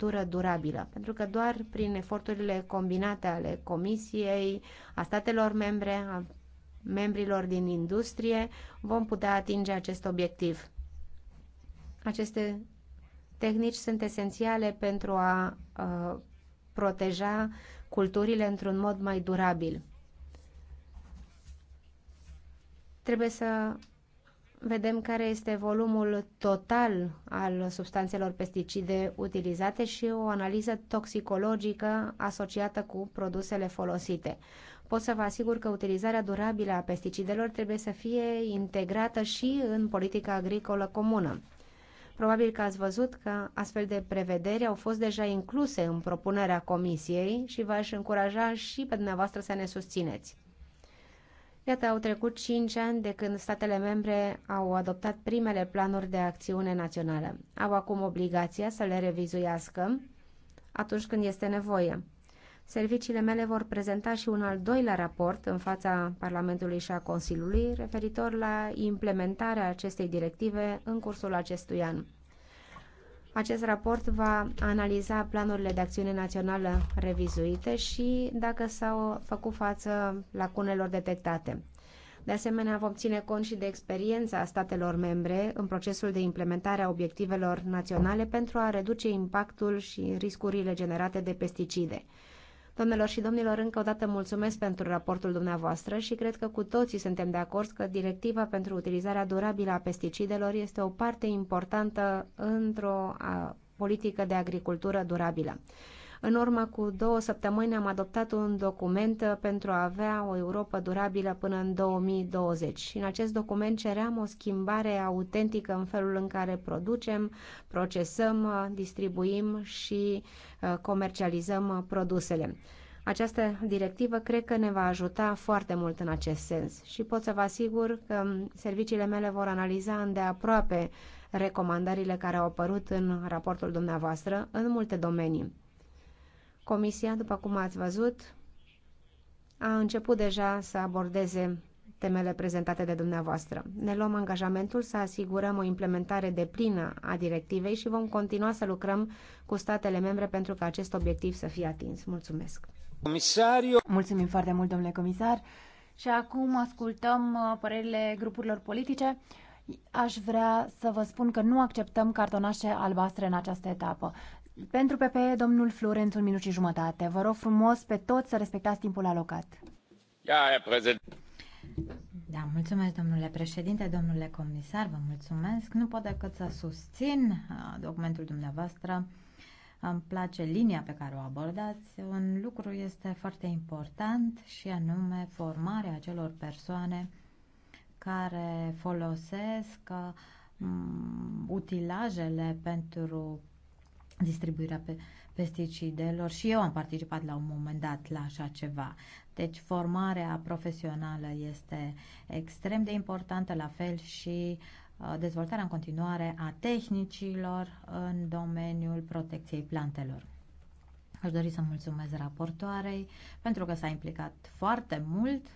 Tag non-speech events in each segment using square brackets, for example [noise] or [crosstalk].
agricultură durabilă, pentru că doar prin eforturile combinate ale Comisiei, a statelor membre, a membrilor din industrie, vom putea atinge acest obiectiv. Aceste tehnici sunt esențiale pentru a, a proteja culturile într-un mod mai durabil. Trebuie să vedem care este volumul total al substanțelor pesticide utilizate și o analiză toxicologică asociată cu produsele folosite. Pot să vă asigur că utilizarea durabilă a pesticidelor trebuie să fie integrată și în politica agricolă comună. Probabil că ați văzut că astfel de prevederi au fost deja incluse în propunerea Comisiei și v-aș încuraja și pe dumneavoastră să ne susțineți. Iată, au trecut 5 ani de când statele membre au adoptat primele planuri de acțiune națională. Au acum obligația să le revizuiască atunci când este nevoie. Serviciile mele vor prezenta și un al doilea raport în fața Parlamentului și a Consiliului referitor la implementarea acestei directive în cursul acestui an. Acest raport va analiza planurile de acțiune națională revizuite și dacă s-au făcut față lacunelor detectate. De asemenea, vom ține cont și de experiența statelor membre în procesul de implementare a obiectivelor naționale pentru a reduce impactul și riscurile generate de pesticide. Domnilor și domnilor, încă o dată mulțumesc pentru raportul dumneavoastră și cred că cu toții suntem de acord că directiva pentru utilizarea durabilă a pesticidelor este o parte importantă într-o politică de agricultură durabilă. În urmă cu două săptămâni am adoptat un document uh, pentru a avea o Europa durabilă până în 2020 și în acest document ceream o schimbare autentică în felul în care producem, procesăm, uh, distribuim și uh, comercializăm produsele. Această directivă cred că ne va ajuta foarte mult în acest sens și pot să vă asigur că um, serviciile mele vor analiza îndeaproape recomandările care au apărut în raportul dumneavoastră în multe domenii. Comisia, după cum ați văzut, a început deja să abordeze temele prezentate de dumneavoastră. Ne luăm angajamentul să asigurăm o implementare deplină a directivei și vom continua să lucrăm cu statele membre pentru ca acest obiectiv să fie atins. Mulțumesc! Comisariu. Mulțumim foarte mult, domnule comisar! Și acum ascultăm uh, părerile grupurilor politice. Aș vrea să vă spun că nu acceptăm cartonașe albastre în această etapă. Pentru PPE, domnul Florenț, un minut și jumătate. Vă rog frumos pe toți să respectați timpul alocat. Ia, prezent. Da, mulțumesc, domnule președinte, domnule comisar, vă mulțumesc. Nu pot decât să susțin uh, documentul dumneavoastră. Îmi place linia pe care o abordați. Un lucru este foarte important și anume formarea acelor persoane care folosesc uh, utilajele pentru distribuirea pe pesticidelor și eu am participat la un moment dat la așa ceva. Deci formarea profesională este extrem de importantă, la fel și uh, dezvoltarea în continuare a tehnicilor în domeniul protecției plantelor. Aș dori să mulțumesc raportoarei pentru că s-a implicat foarte mult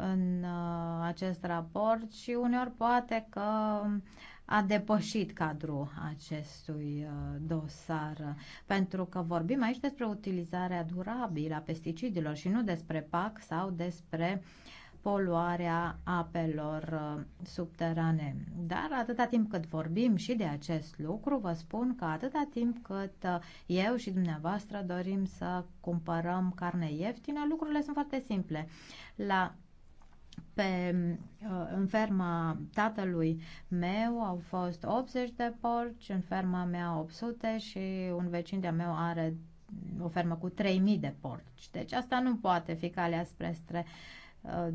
în uh, acest raport și uneori poate că uh, a depășit cadrul acestui uh, dosar, pentru că vorbim aici despre utilizarea durabilă a pesticidelor și nu despre PAC sau despre poluarea apelor uh, subterane. Dar atâta timp cât vorbim și de acest lucru, vă spun că atâta timp cât uh, eu și dumneavoastră dorim să cumpărăm carne ieftină, lucrurile sunt foarte simple. La pe, uh, în ferma tatălui meu au fost 80 de porci, în ferma mea 800 și un vecin de-a meu are o fermă cu 3000 de porci. Deci asta nu poate fi calea spre stre, uh,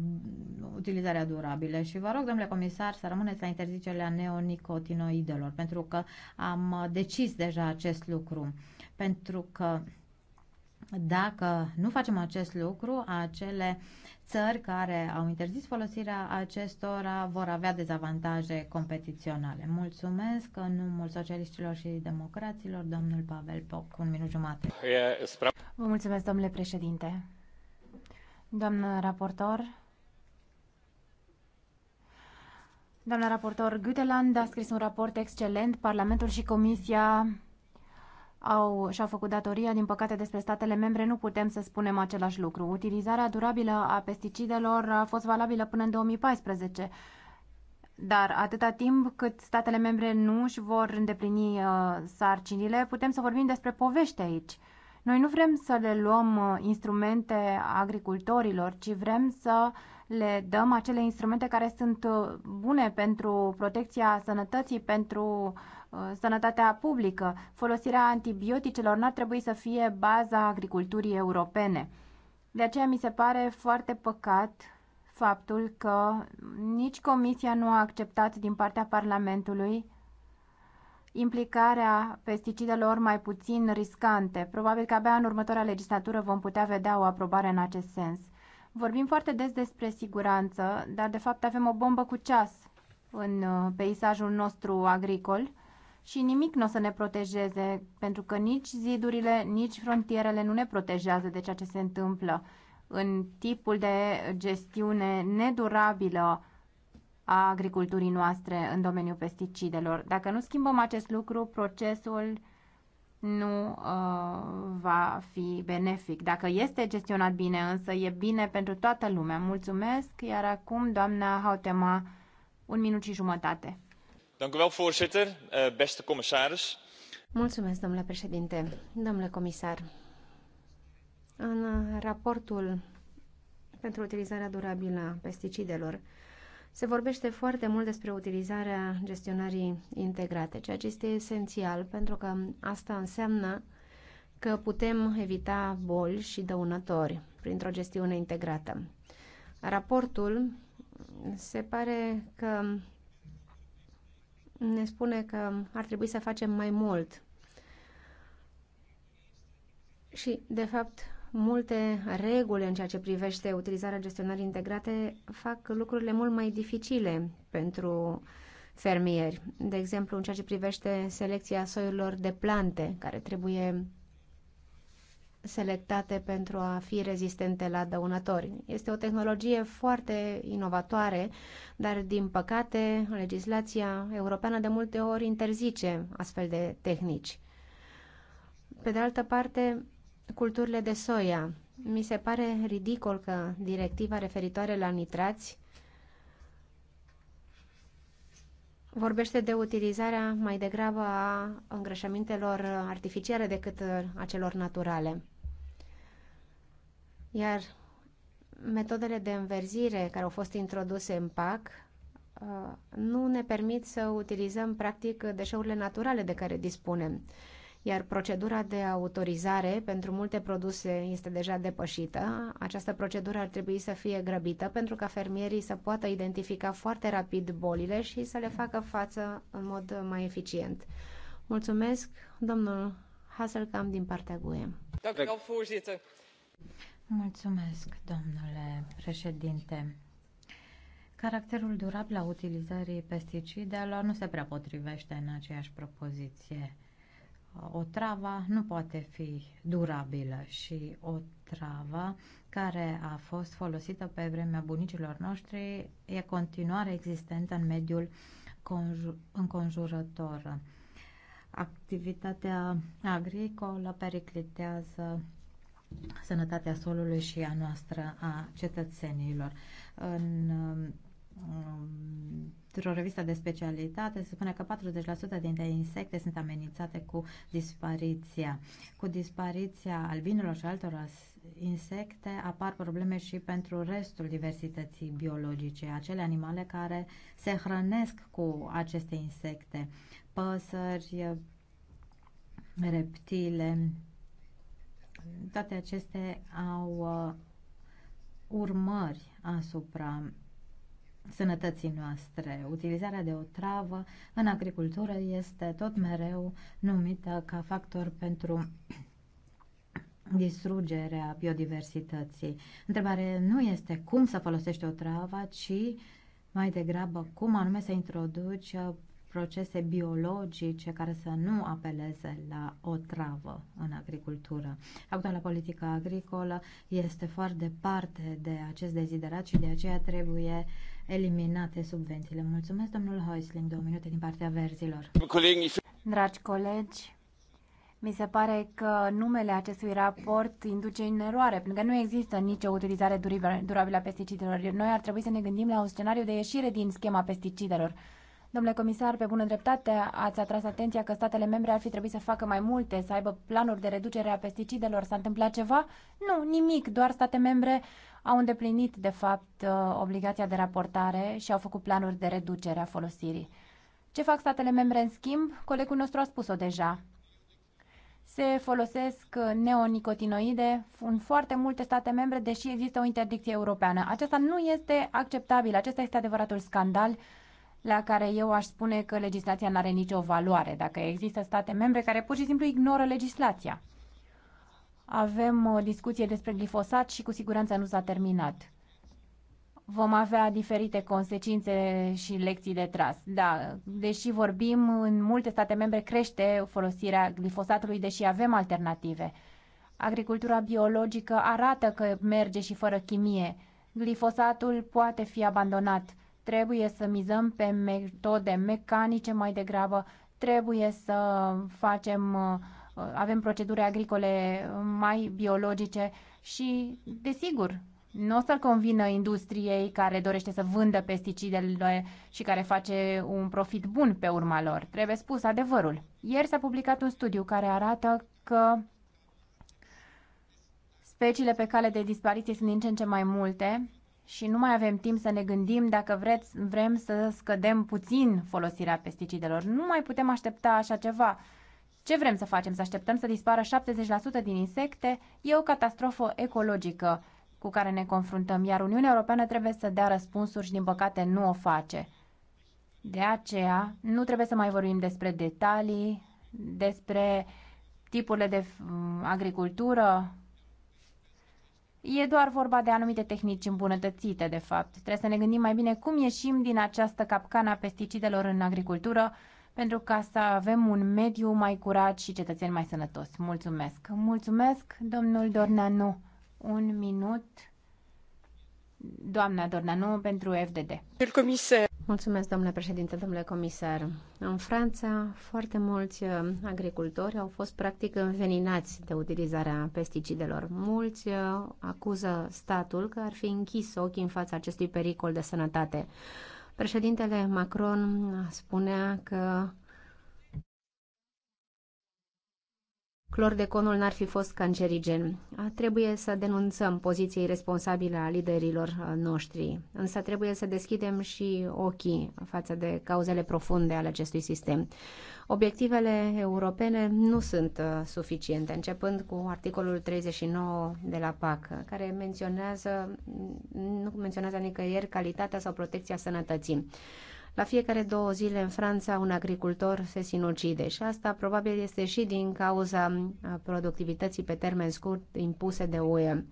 utilizarea durabilă. Și vă rog, domnule comisar, să rămâneți la interzicerea neonicotinoidelor, pentru că am uh, decis deja acest lucru. Pentru că dacă nu facem acest lucru, acele țări care au interzis folosirea acestora vor avea dezavantaje competiționale. Mulțumesc în numul socialiștilor și democraților, domnul Pavel Poc, un minut jumate. Vă mulțumesc, domnule președinte. Doamnă raportor, Doamna raportor Guteland a scris un raport excelent. Parlamentul și Comisia au, și-au făcut datoria, din păcate despre statele membre nu putem să spunem același lucru. Utilizarea durabilă a pesticidelor a fost valabilă până în 2014, dar atâta timp cât statele membre nu își vor îndeplini uh, sarcinile, putem să vorbim despre povești aici. Noi nu vrem să le luăm uh, instrumente agricultorilor, ci vrem să uh, le dăm acele instrumente care sunt uh, bune pentru protecția sănătății, pentru uh, sănătatea publică. Folosirea antibioticelor n-ar trebui să fie baza agriculturii europene. De aceea mi se pare foarte păcat faptul că nici Comisia nu a acceptat din partea Parlamentului implicarea pesticidelor mai puțin riscante. Probabil că abia în următoarea legislatură vom putea vedea o aprobare în acest sens. Vorbim foarte des despre siguranță, dar de fapt avem o bombă cu ceas în uh, peisajul nostru agricol și nimic nu o să ne protejeze, pentru că nici zidurile, nici frontierele nu ne protejează de ceea ce se întâmplă în tipul de gestiune nedurabilă a agriculturii noastre în domeniul pesticidelor. Dacă nu schimbăm acest lucru, procesul nu uh, va fi benefic. Dacă este gestionat bine, însă e bine pentru toată lumea. Mulțumesc, iar acum doamna Hautema, un minut și jumătate. Eh, Mulțumesc, domnule președinte. Domnule comisar, în raportul pentru utilizarea durabilă a pesticidelor, se vorbește foarte mult despre utilizarea gestionării integrate, ceea ce este esențial pentru că asta înseamnă că putem evita boli și dăunători printr-o gestiune integrată. Raportul se pare că ne spune că ar trebui să facem mai mult. Și, de fapt, multe reguli în ceea ce privește utilizarea gestionării integrate fac lucrurile mult mai dificile pentru fermieri. De exemplu, în ceea ce privește selecția soiurilor de plante care trebuie selectate pentru a fi rezistente la dăunători. Este o tehnologie foarte inovatoare, dar din păcate legislația europeană de multe ori interzice astfel de tehnici. Pe de altă parte, culturile de soia. Mi se pare ridicol că directiva referitoare la nitrați vorbește de utilizarea mai degrabă a îngrășămintelor artificiale decât a celor naturale. Iar metodele de înverzire care au fost introduse în PAC uh, nu ne permit să utilizăm practic deșeurile naturale de care dispunem iar procedura de autorizare pentru multe produse este deja depășită. Această procedură ar trebui să fie grăbită pentru ca fermierii să poată identifica foarte rapid bolile și să le facă față în mod mai eficient. Mulțumesc, domnul Hasselkamp din partea GUE. Mulțumesc, domnule președinte. Caracterul durabil a utilizării pesticidelor nu se prea potrivește în aceeași propoziție o travă nu poate fi durabilă și o travă care a fost folosită pe vremea bunicilor noștri e continuare existentă în mediul înconjurător. Activitatea agricolă periclitează sănătatea solului și a noastră a cetățenilor. În um, Într-o revistă de specialitate se spune că 40% dintre insecte sunt amenințate cu dispariția. Cu dispariția albinelor și altor insecte apar probleme și pentru restul diversității biologice, acele animale care se hrănesc cu aceste insecte, păsări, reptile. Toate acestea au uh, urmări asupra sănătății noastre. Utilizarea de o travă în agricultură este tot mereu numită ca factor pentru distrugerea biodiversității. Întrebarea nu este cum să folosești o travă, ci mai degrabă cum anume să introduci procese biologice care să nu apeleze la o travă în agricultură. Actuala politică agricolă este foarte departe de acest deziderat și de aceea trebuie eliminate subvențiile. Mulțumesc, domnul Heusling, două minute din partea verzilor. Dragi colegi, mi se pare că numele acestui raport induce în eroare, pentru că nu există nicio utilizare durabilă a pesticidelor. Noi ar trebui să ne gândim la un scenariu de ieșire din schema pesticidelor. Domnule comisar, pe bună dreptate ați atras atenția că statele membre ar fi trebuit să facă mai multe, să aibă planuri de reducere a pesticidelor. S-a întâmplat ceva? Nu, nimic, doar state membre au îndeplinit, de fapt, uh, obligația de raportare și au făcut planuri de reducere a folosirii. Ce fac statele membre în schimb? Colegul nostru a spus-o deja. Se folosesc neonicotinoide în foarte multe state membre, deși există o interdicție europeană. Aceasta nu este acceptabil. Acesta este adevăratul scandal la care eu aș spune că legislația nu are nicio valoare, dacă există state membre care pur și simplu ignoră legislația. Avem o uh, discuție despre glifosat și cu siguranță nu s-a terminat. Vom avea diferite consecințe și lecții de tras. Da, deși vorbim, în multe state membre crește folosirea glifosatului, deși avem alternative. Agricultura biologică arată că merge și fără chimie. Glifosatul poate fi abandonat trebuie să mizăm pe metode mecanice mai degrabă, trebuie să facem, uh, avem proceduri agricole mai biologice și, desigur, nu o să-l convină industriei care dorește să vândă pesticidele și care face un profit bun pe urma lor. Trebuie spus adevărul. Ieri s-a publicat un studiu care arată că speciile pe cale de dispariție sunt din ce în ce mai multe și nu mai avem timp să ne gândim dacă vreți, vrem să scădem puțin folosirea pesticidelor. Nu mai putem aștepta așa ceva. Ce vrem să facem? Să așteptăm să dispară 70% din insecte? E o catastrofă ecologică cu care ne confruntăm, iar Uniunea Europeană trebuie să dea răspunsuri și, din păcate, nu o face. De aceea, nu trebuie să mai vorbim despre detalii, despre tipurile de mm, agricultură, E doar vorba de anumite tehnici îmbunătățite, de fapt. Trebuie să ne gândim mai bine cum ieșim din această capcană a pesticidelor în agricultură pentru ca să avem un mediu mai curat și cetățeni mai sănătoși. Mulțumesc! Mulțumesc, domnul Dornanu. Un minut. Doamna Dornanu, pentru FDD. Comisar. Mulțumesc, domnule președinte, domnule comisar. În Franța, foarte mulți uh, agricultori au fost practic înveninați de utilizarea pesticidelor. Mulți uh, acuză statul că ar fi închis ochii în fața acestui pericol de sănătate. Președintele Macron spunea că clordeconul n-ar fi fost cancerigen. Trebuie să denunțăm poziției responsabile a liderilor noștri, însă trebuie să deschidem și ochii față de cauzele profunde ale acestui sistem. Obiectivele europene nu sunt suficiente, începând cu articolul 39 de la PAC, care menționează, nu menționează nicăieri calitatea sau protecția sănătății. La fiecare două zile în Franța un agricultor se sinucide și asta probabil este și din cauza productivității pe termen scurt impuse de UE.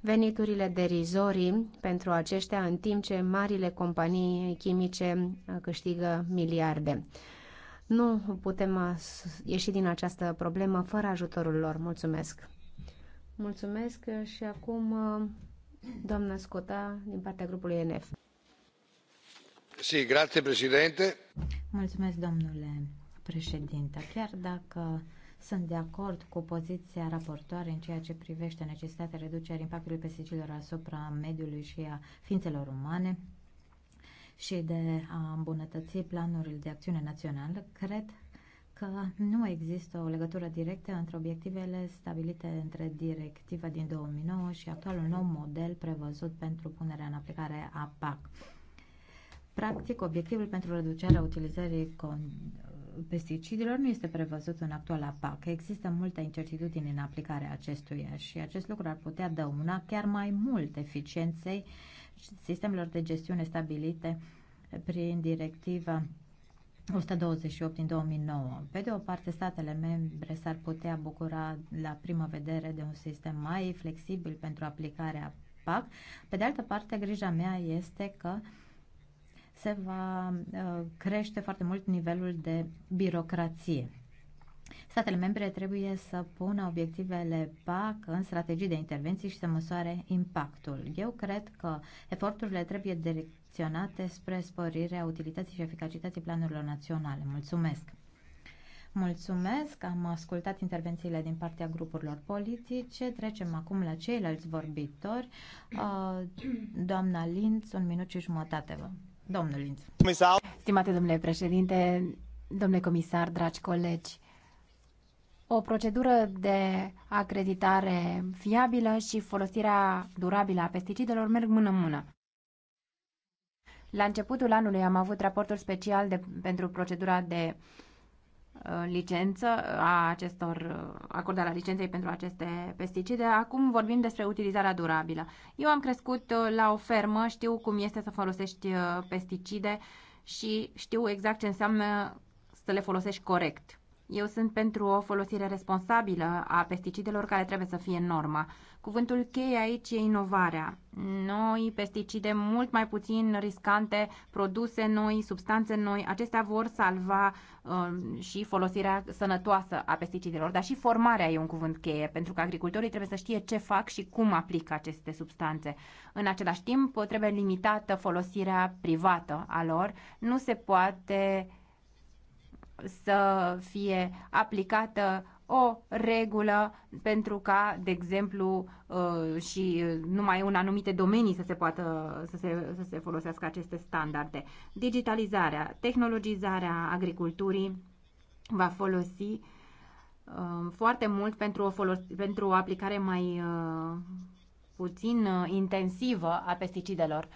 Veniturile derizorii pentru aceștia în timp ce marile companii chimice câștigă miliarde. Nu putem ieși din această problemă fără ajutorul lor. Mulțumesc! Mulțumesc și acum doamna Scota din partea grupului NF președinte. Mulțumesc, domnule președinte. Chiar dacă sunt de acord cu poziția raportoare în ceea ce privește necesitatea reducerii impactului pesticidelor asupra mediului și a ființelor umane și de a îmbunătăți planurile de acțiune națională, cred că nu există o legătură directă între obiectivele stabilite între directiva din 2009 și actualul nou model prevăzut pentru punerea în aplicare a PAC. Practic, obiectivul pentru reducerea utilizării pesticidelor nu este prevăzut în actuala PAC. Există multă incertitudine în aplicarea acestuia și acest lucru ar putea dăuna chiar mai mult eficienței sistemelor de gestiune stabilite prin directiva 128 din 2009. Pe de o parte, statele membre s-ar putea bucura la prima vedere de un sistem mai flexibil pentru aplicarea PAC. Pe de altă parte, grija mea este că uh, se va uh, crește foarte mult nivelul de birocrație. Statele membre trebuie să pună obiectivele PAC în strategii de intervenții și să măsoare impactul. Eu cred că eforturile trebuie direcționate spre sporirea utilității și eficacității planurilor naționale. Mulțumesc! Mulțumesc, am ascultat intervențiile din partea grupurilor politice. Trecem acum la ceilalți vorbitori. Uh, doamna Linț, un minut și jumătate vă. Domnul Linț. Stimate domnule președinte, domnule comisar, dragi colegi, o procedură de acreditare fiabilă și folosirea durabilă a pesticidelor merg mână-mână. La începutul anului am avut raportul special de, pentru procedura de uh, Uh, licență, uh, a acestor, uh, acordarea licenței pentru aceste pesticide. Acum vorbim despre utilizarea durabilă. Eu am crescut la o fermă, știu cum este să folosești pesticide și știu exact ce înseamnă să le folosești corect. Eu sunt pentru o folosire responsabilă a pesticidelor care trebuie să fie în normă. Cuvântul cheie aici e inovarea. Noi pesticide mult mai puțin riscante, produse noi, substanțe noi, acestea vor salva uh, și folosirea sănătoasă a pesticidelor, dar și formarea e un cuvânt cheie, pentru că agricultorii trebuie să știe ce fac și cum aplică aceste substanțe. În același timp, trebuie limitată folosirea privată a lor. Nu se poate să fie aplicată o regulă pentru ca, de exemplu, uh, și uh, numai în anumite domenii să se poată să se, să se folosească aceste standarde. Digitalizarea, tehnologizarea agriculturii va folosi uh, foarte mult pentru o, folos- pentru o aplicare mai puțin intensivă a pesticidelor.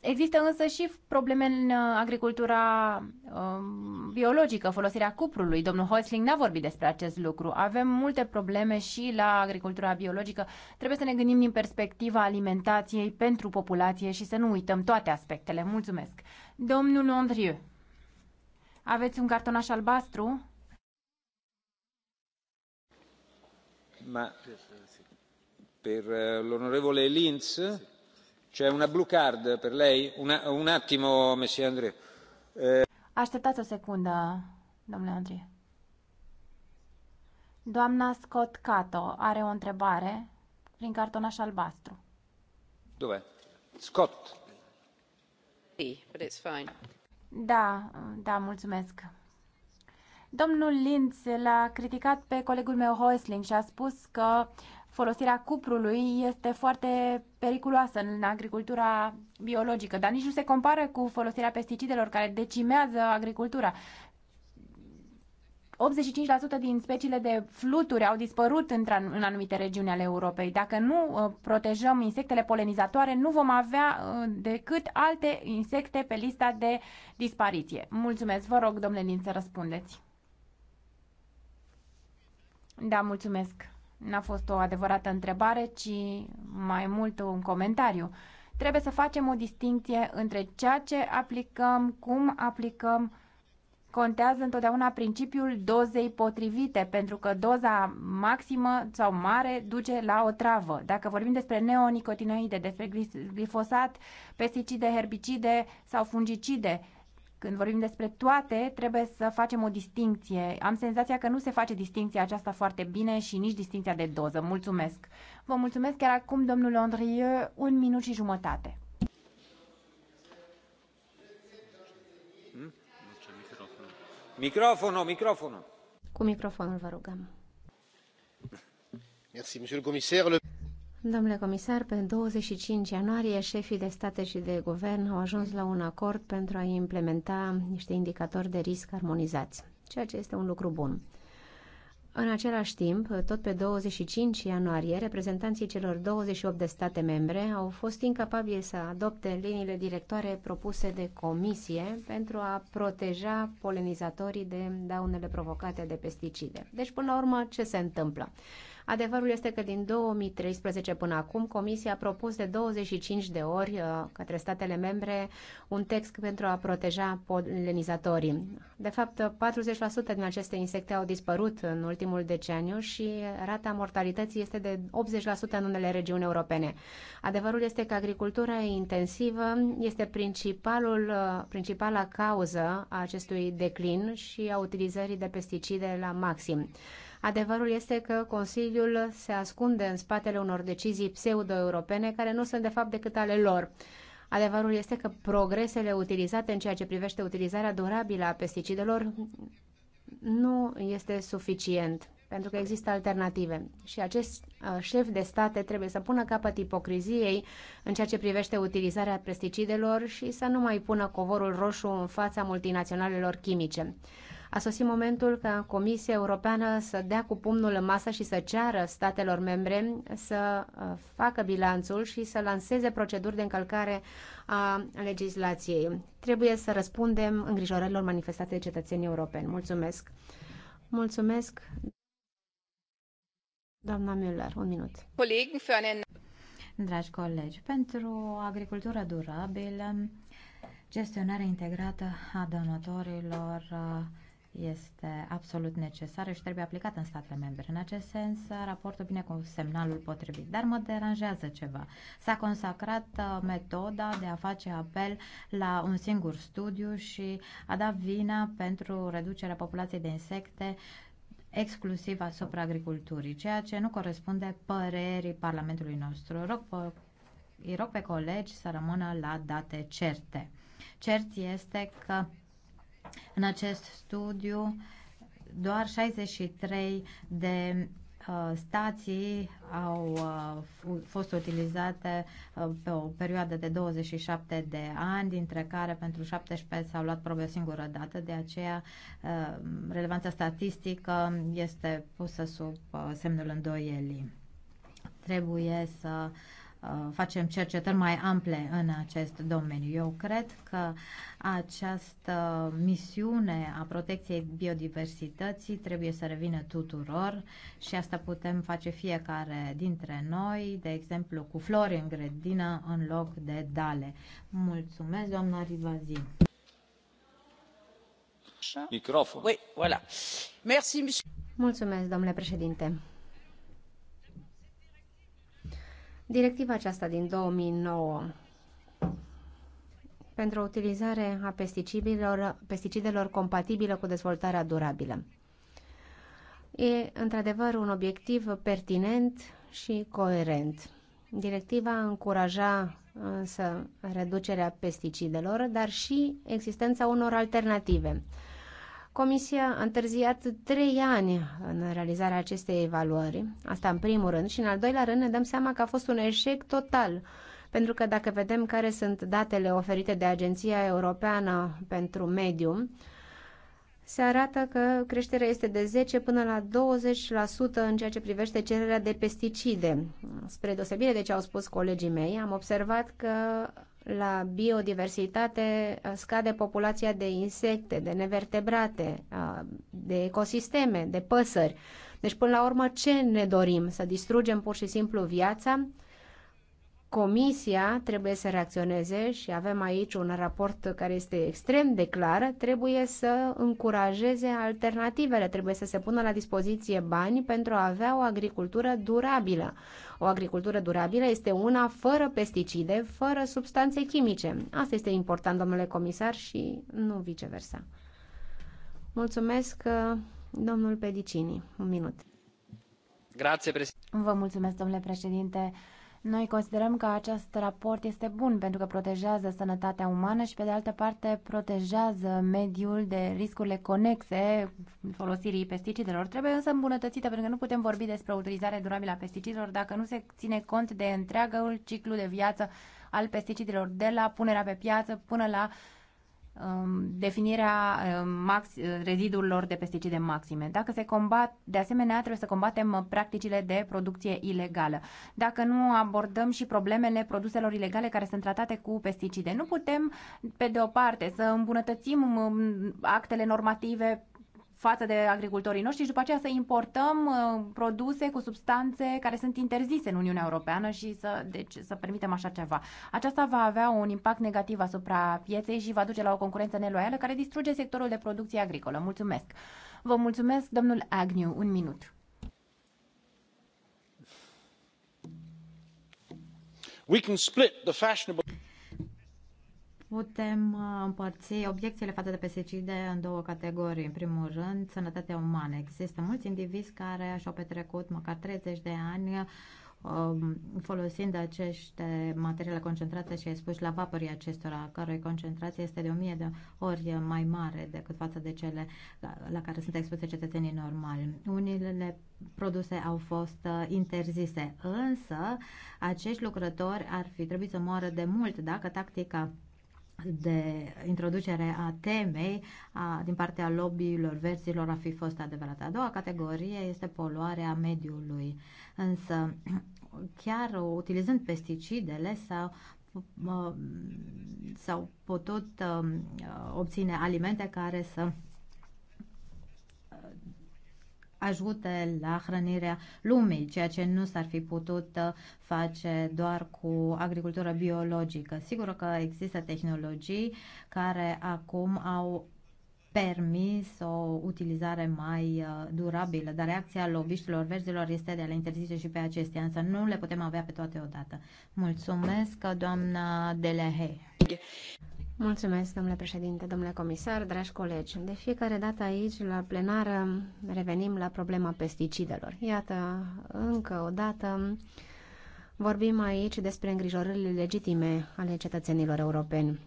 Există însă și probleme în uh, agricultura um, biologică, folosirea cuprului. Domnul Hoisling n-a vorbit despre acest lucru. Avem multe probleme și la agricultura biologică. Trebuie să ne gândim din perspectiva alimentației pentru populație și să nu uităm toate aspectele. Mulțumesc. Domnul Andrieu, aveți un cartonaș albastru? Ma, per uh, l'onorevole Linz, C'è una blue card per lei? Una, un attimo, Messie Andrei. Eh. Așteptați o secundă, domnule Andrei. Doamna Scott Cato are o întrebare prin cartonaș albastru. Dove? Scott. But it's fine. Da, da, mulțumesc. Domnul Linz l-a criticat pe colegul meu Hoisling și a spus că folosirea cuprului este foarte periculoasă în agricultura biologică, dar nici nu se compară cu folosirea pesticidelor care decimează agricultura. 85% din speciile de fluturi au dispărut în anumite regiuni ale Europei. Dacă nu uh, protejăm insectele polenizatoare, nu vom avea uh, decât alte insecte pe lista de dispariție. Mulțumesc. Vă rog, domnule Lin, să răspundeți. Da, mulțumesc. N-a fost o adevărată întrebare, ci mai mult un comentariu. Trebuie să facem o distinție între ceea ce aplicăm, cum aplicăm. Contează întotdeauna principiul dozei potrivite, pentru că doza maximă sau mare duce la o travă. Dacă vorbim despre neonicotinoide, despre glifosat, pesticide, herbicide sau fungicide, când vorbim despre toate, trebuie să facem o distinție. Am senzația că nu se face distinția aceasta foarte bine și nici distinția de doză. Mulțumesc! Vă mulțumesc chiar acum, domnul Andrieu, un minut și jumătate. Hmm? Microfonul, microfonul. Cu microfonul vă rugăm. Merci, monsieur le commissaire. Domnule comisar, pe 25 ianuarie, șefii de state și de guvern au ajuns la un acord pentru a implementa niște indicatori de risc armonizați, ceea ce este un lucru bun. În același timp, tot pe 25 ianuarie, reprezentanții celor 28 de state membre au fost incapabili să adopte liniile directoare propuse de comisie pentru a proteja polenizatorii de daunele provocate de pesticide. Deci, până la urmă, ce se întâmplă? Adevărul este că din 2013 până acum Comisia a propus de 25 de ori uh, către statele membre un text pentru a proteja polenizatorii. De fapt, 40% din aceste insecte au dispărut în ultimul deceniu și rata mortalității este de 80% în unele regiuni europene. Adevărul este că agricultura intensivă este principalul, uh, principala cauză a acestui declin și a utilizării de pesticide la maxim. Adevărul este că Consiliul se ascunde în spatele unor decizii pseudo-europene care nu sunt de fapt decât ale lor. Adevărul este că progresele utilizate în ceea ce privește utilizarea durabilă a pesticidelor nu este suficient, pentru că există alternative. Și acest uh, șef de state trebuie să pună capăt ipocriziei în ceea ce privește utilizarea pesticidelor și să nu mai pună covorul roșu în fața multinaționalelor chimice. A sosit momentul ca Comisia Europeană să dea cu pumnul în masă și să ceară statelor membre să uh, facă bilanțul și să lanseze proceduri de încălcare a legislației. Trebuie să răspundem îngrijorărilor manifestate de cetățenii europeni. Mulțumesc! Mulțumesc! Doamna Müller, un minut. Dragi colegi, pentru agricultură durabilă, gestionarea integrată a donatorilor uh, este absolut necesară și trebuie aplicată în statele membre. În acest sens, raportul vine cu semnalul potrivit. Dar mă deranjează ceva. S-a consacrat uh, metoda de a face apel la un singur studiu și a dat vina pentru reducerea populației de insecte exclusiv asupra agriculturii, ceea ce nu corespunde părerii Parlamentului nostru. Rog pe, îi rog pe colegi să rămână la date certe. Cert este că în acest studiu, doar 63 de uh, stații au uh, fost utilizate uh, pe o perioadă de 27 de ani, dintre care pentru 17 s-au luat probe o singură dată, de aceea relevanța statistică este pusă sub semnul îndoielii. Trebuie să uh, Uh, facem cercetări mai ample în acest domeniu. Eu cred că această misiune a protecției biodiversității trebuie să revină tuturor și asta putem face fiecare dintre noi, de exemplu cu flori în grădină în loc de dale. Mulțumesc, doamna Rivazi. Microfon. Oui, voilà. Merci, Mulțumesc, domnule președinte Directiva aceasta din 2009 pentru o utilizare a pesticidelor, pesticidelor compatibile cu dezvoltarea durabilă. E într-adevăr un obiectiv pertinent și coerent. Directiva încuraja însă reducerea pesticidelor, dar și existența unor alternative. Comisia a întârziat trei ani în realizarea acestei evaluări, asta în primul rând, și în al doilea rând ne dăm seama că a fost un eșec total pentru că dacă vedem care sunt datele oferite de Agenția Europeană pentru Mediu, se arată că creșterea este de 10 până la 20% în ceea ce privește cererea de pesticide. Spre deosebire de ce au spus colegii mei, am observat că la biodiversitate uh, scade populația de insecte, de nevertebrate, uh, de ecosisteme, de păsări. Deci, până la urmă, ce ne dorim? Să distrugem pur și simplu viața? Comisia trebuie să reacționeze și avem aici un raport care este extrem de clar, trebuie să încurajeze alternativele, trebuie să se pună la dispoziție bani pentru a avea o agricultură durabilă. O agricultură durabilă este una fără pesticide, fără substanțe chimice. Asta este important, domnule comisar, și nu viceversa. Mulțumesc, domnul Pedicini. Un minut. Vă mulțumesc, domnule președinte. Noi considerăm că acest raport este bun pentru că protejează sănătatea umană și, pe de altă parte, protejează mediul de riscurile conexe folosirii pesticidelor. Trebuie însă îmbunătățită pentru că nu putem vorbi despre utilizare durabilă a pesticidelor dacă nu se ține cont de întreagăul ciclu de viață al pesticidelor, de la punerea pe piață până la uh, Um, definirea um, max, uh, rezidurilor de pesticide maxime. Dacă se combat, de asemenea, trebuie să combatem uh, practicile de producție ilegală. Dacă nu abordăm și problemele produselor ilegale care sunt tratate cu pesticide, nu putem, pe de o parte, să îmbunătățim um, actele normative față de agricultorii noștri și după aceea să importăm uh, produse cu substanțe care sunt interzise în Uniunea Europeană și să, deci, să permitem așa ceva. Aceasta va avea un impact negativ asupra pieței și va duce la o concurență neloială care distruge sectorul de producție agricolă. Mulțumesc! Vă mulțumesc, domnul Agnew. Un minut. We can split the fashionable putem uh, împărți obiecțiile față de pesticide în două categorii. În primul rând, sănătatea umană. Există mulți indivizi care și-au petrecut măcar 30 de ani um, folosind aceste materiale concentrate și expuși la vapării acestora, cărui concentrație este de 1000 de ori mai mare decât față de cele la care sunt expuse cetățenii normali. Unele produse au fost uh, interzise, însă acești lucrători ar fi trebuit să moară de mult dacă tactica de introducere a temei a, din partea lobbyilor verzilor a fi fost adevărată. A doua categorie este poluarea mediului, însă chiar utilizând pesticidele sau s-au putut um, obține alimente care să ajute la hrănirea lumii, ceea ce nu s-ar fi putut uh, face doar cu agricultură biologică. Sigur că există tehnologii care acum au permis o utilizare mai uh, durabilă, dar reacția lobiștilor verzilor este de a le interzice și pe acestea, însă nu le putem avea pe toate odată. Mulțumesc, doamna Delehe. Mulțumesc, domnule președinte, domnule comisar, dragi colegi. De fiecare dată aici, la plenară, revenim la problema pesticidelor. Iată, încă o dată, vorbim aici despre îngrijorările legitime ale cetățenilor europeni.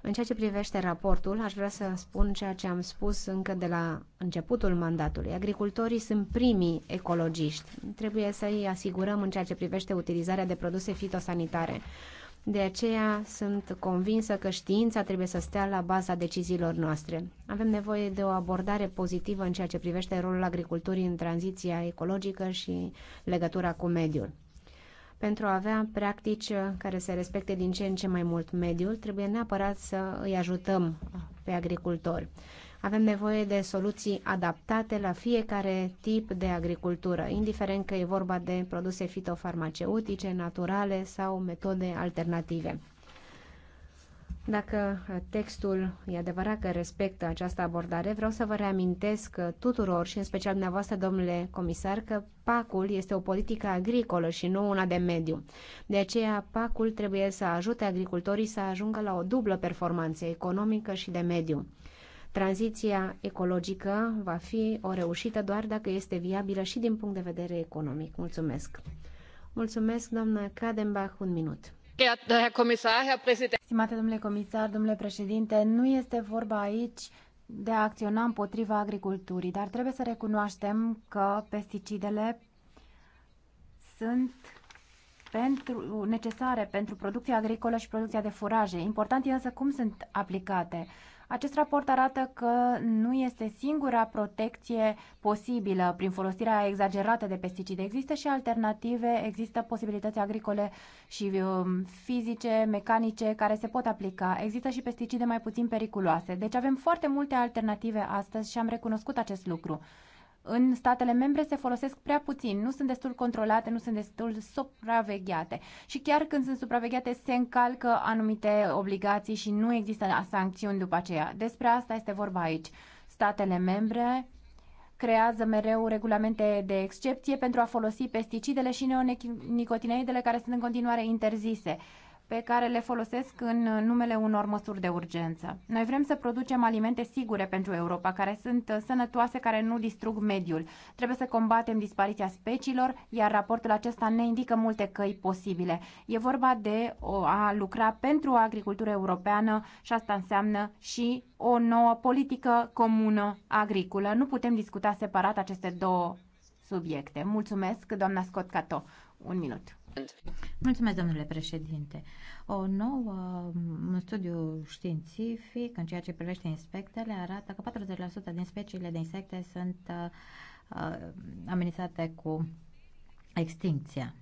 În ceea ce privește raportul, aș vrea să spun ceea ce am spus încă de la începutul mandatului. Agricultorii sunt primii ecologiști. Trebuie să îi asigurăm în ceea ce privește utilizarea de produse fitosanitare. De aceea sunt convinsă că știința trebuie să stea la baza deciziilor noastre. Avem nevoie de o abordare pozitivă în ceea ce privește rolul agriculturii în tranziția ecologică și legătura cu mediul pentru a avea practici uh, care să respecte din ce în ce mai mult mediul, trebuie neapărat să îi ajutăm pe agricultori. Avem nevoie de soluții adaptate la fiecare tip de agricultură, indiferent că e vorba de produse fitofarmaceutice, naturale sau metode alternative. Dacă uh, textul e adevărat că respectă această abordare, vreau să vă reamintesc uh, tuturor și în special dumneavoastră, domnule comisar, că PAC-ul este o politică agricolă și nu una de mediu. De aceea, PAC-ul trebuie să ajute agricultorii să ajungă la o dublă performanță economică și de mediu. Tranziția ecologică va fi o reușită doar dacă este viabilă și din punct de vedere economic. Mulțumesc! Mulțumesc, doamnă Cadenbach, un minut domnule comisar, domnule președinte, nu este vorba aici de a acționa împotriva agriculturii, dar trebuie să recunoaștem că pesticidele sunt necesare pentru producția agricolă și producția de furaje. Important este însă cum sunt aplicate. Acest raport arată că nu este singura protecție posibilă prin folosirea exagerată de pesticide. Există și alternative, există posibilități agricole și um, fizice, mecanice, care se pot aplica. Există și pesticide mai puțin periculoase. Deci avem foarte multe alternative astăzi și am recunoscut acest lucru în statele membre se folosesc prea puțin, nu sunt destul controlate, nu sunt destul supravegheate și chiar când sunt supravegheate se încalcă anumite obligații și nu există sancțiuni după aceea. Despre asta este vorba aici. Statele membre creează mereu regulamente de excepție pentru a folosi pesticidele și neonicotinoidele care sunt în continuare interzise pe care le folosesc în numele unor măsuri de urgență. Noi vrem să producem alimente sigure pentru Europa, care sunt sănătoase, care nu distrug mediul. Trebuie să combatem dispariția speciilor, iar raportul acesta ne indică multe căi posibile. E vorba de a lucra pentru o agricultură europeană și asta înseamnă și o nouă politică comună agricolă. Nu putem discuta separat aceste două subiecte. Mulțumesc, doamna Scott Cato. Un minut. Mulțumesc, domnule președinte. O nouă, un studiu științific în ceea ce privește insectele arată că 40% din speciile de insecte sunt uh, amenințate cu extinția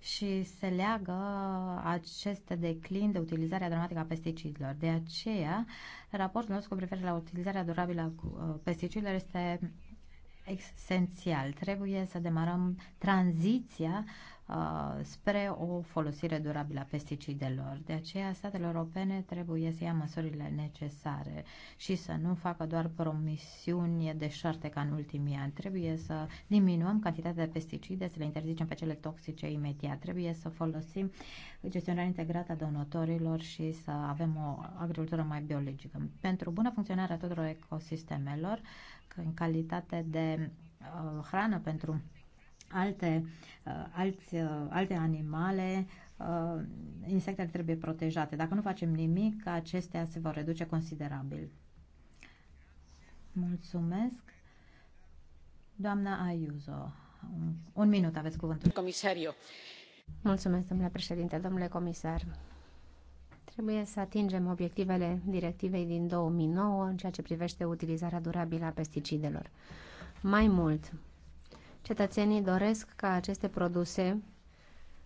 și se leagă acest declin de utilizarea dramatică a pesticidelor. De aceea, raportul nostru cu privire la utilizarea durabilă a uh, pesticidelor este esențial. Trebuie să demarăm tranziția Uh, spre o folosire durabilă a pesticidelor. De aceea, statele europene trebuie să ia măsurile necesare și să nu facă doar promisiuni de șarte ca în ultimii ani. Trebuie să diminuăm cantitatea de pesticide, să le interzicem pe cele toxice imediat. Trebuie să folosim gestionarea integrată a donatorilor și să avem o agricultură mai biologică. Pentru bună funcționare a tuturor ecosistemelor, în calitate de uh, hrană pentru alte, uh, alți, uh, alte animale, uh, insectele trebuie protejate. Dacă nu facem nimic, acestea se vor reduce considerabil. Mulțumesc. Doamna Ayuso, un, un minut aveți cuvântul. Comisario. Mulțumesc, domnule președinte, domnule comisar. Trebuie să atingem obiectivele directivei din 2009 în ceea ce privește utilizarea durabilă a pesticidelor. Mai mult, Cetățenii doresc ca aceste produse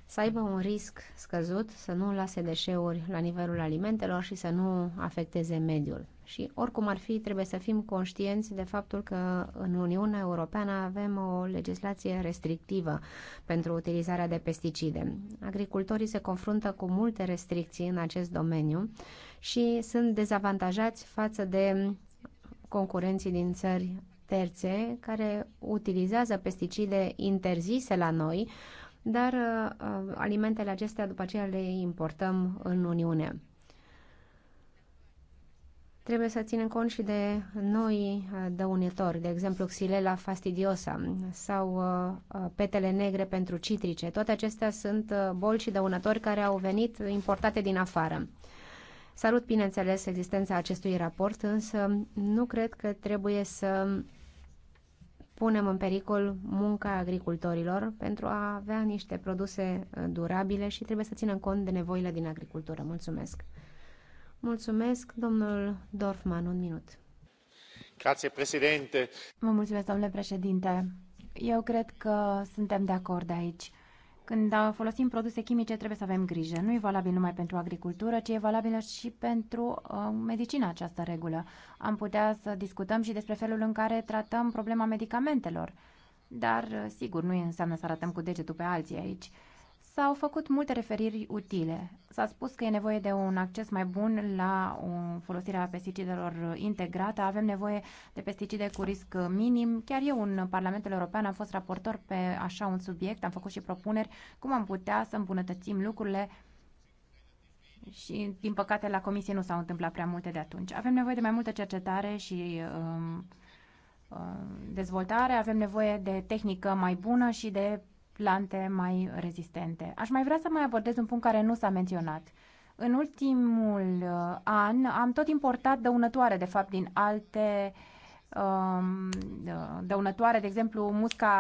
să aibă un risc scăzut, să nu lase deșeuri la nivelul alimentelor și să nu afecteze mediul. Și oricum ar fi, trebuie să fim conștienți de faptul că în Uniunea Europeană avem o legislație restrictivă pentru utilizarea de pesticide. Agricultorii se confruntă cu multe restricții în acest domeniu și sunt dezavantajați față de concurenții din țări terțe care utilizează pesticide interzise la noi, dar uh, uh, alimentele acestea după aceea le importăm în Uniune. Trebuie să ținem cont și de noi uh, dăunători, de exemplu Xylella fastidiosa sau uh, petele negre pentru citrice. Toate acestea sunt boli și dăunători care au venit importate din afară. Salut, bineînțeles, existența acestui raport, însă nu cred că trebuie să punem în pericol munca agricultorilor pentru a avea niște produse uh, durabile și trebuie să ținem cont de nevoile din agricultură. Mulțumesc! Mulțumesc, domnul Dorfman, un minut. Grazie, președinte. Vă mulțumesc, domnule președinte. Eu cred că suntem de acord aici. Când folosim produse chimice, trebuie să avem grijă. Nu e valabil numai pentru agricultură, ci e valabilă și pentru uh, medicina această regulă. Am putea să discutăm și despre felul în care tratăm problema medicamentelor. Dar, uh, sigur, nu înseamnă să arătăm cu degetul pe alții aici. Uh, S-au făcut multe referiri utile. S-a spus că e nevoie de un acces mai bun la o pesticidelor integrată. Avem nevoie de pesticide cu risc minim. Chiar eu în Parlamentul European am fost raportor pe așa un subiect, am făcut și propuneri cum am putea să îmbunătățim lucrurile și, din păcate, la comisie nu s-au întâmplat prea multe de atunci. Avem nevoie de mai multă cercetare și um, um dezvoltare, avem nevoie de tehnică mai bună și de plante mai rezistente. Aș mai vrea să mai abordez un punct care nu s-a menționat. În ultimul uh, an am tot importat dăunătoare, de fapt, din alte um, dăunătoare, de exemplu, musca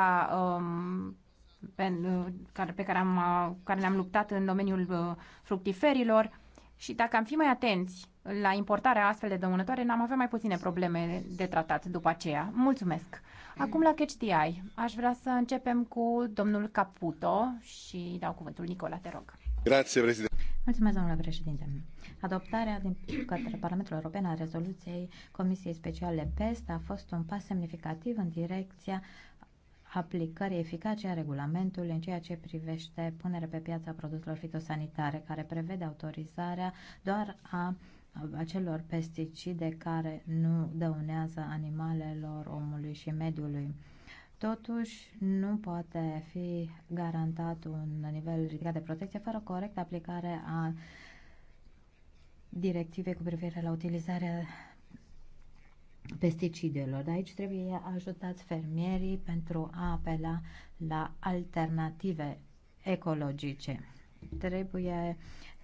um, pe, uh, care, pe care, am, uh, care ne-am luptat în domeniul fructiferilor și dacă am fi mai atenți la importarea astfel de dăunătoare, n-am avea mai puține probleme de tratat după aceea. Mulțumesc! Acum la Eye. Aș vrea să începem cu domnul Caputo și dau cuvântul Nicola, te rog. Grazie, președinte. Mulțumesc, domnule președinte. Adoptarea din către Parlamentul European a rezoluției Comisiei Speciale PEST a fost un pas semnificativ în direcția aplicării eficace a regulamentului în ceea ce privește punerea pe piața produselor fitosanitare, care prevede autorizarea doar a acelor pesticide care nu dăunează animalelor, omului și mediului. Totuși, nu poate fi garantat un nivel ridicat de protecție fără corectă aplicare a directivei cu privire la utilizarea pesticidelor. De aici trebuie ajutați fermierii pentru a apela la alternative ecologice. Trebuie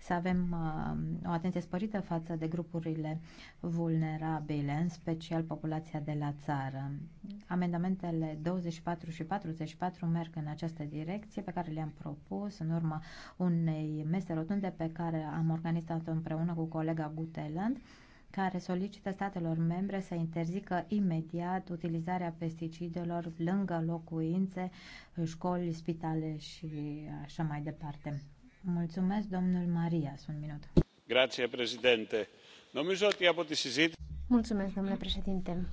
să avem uh, o atenție sporită față de grupurile vulnerabile, în special populația de la țară. Amendamentele 24 și 44 merg în această direcție pe care le-am propus în urma unei mese rotunde pe care am organizat-o împreună cu colega Guteland care solicită statelor membre să interzică imediat utilizarea pesticidelor lângă locuințe, școli, spitale și așa mai departe. Mulțumesc, domnul Maria, un minut. președinte. Mulțumesc, domnule președinte.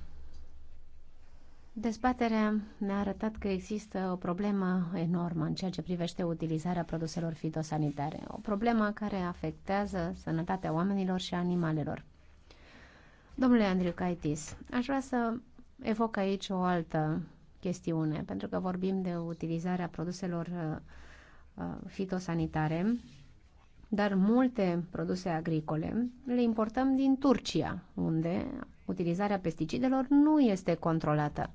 Dezbaterea ne-a arătat că există o problemă enormă în ceea ce privește utilizarea produselor fitosanitare, o problemă care afectează sănătatea oamenilor și animalelor. Domnule Andriu Caitis, aș vrea să evoc aici o altă chestiune, pentru că vorbim de utilizarea produselor Uh, fitosanitare, dar multe produse agricole le importăm din Turcia, unde utilizarea pesticidelor nu este controlată.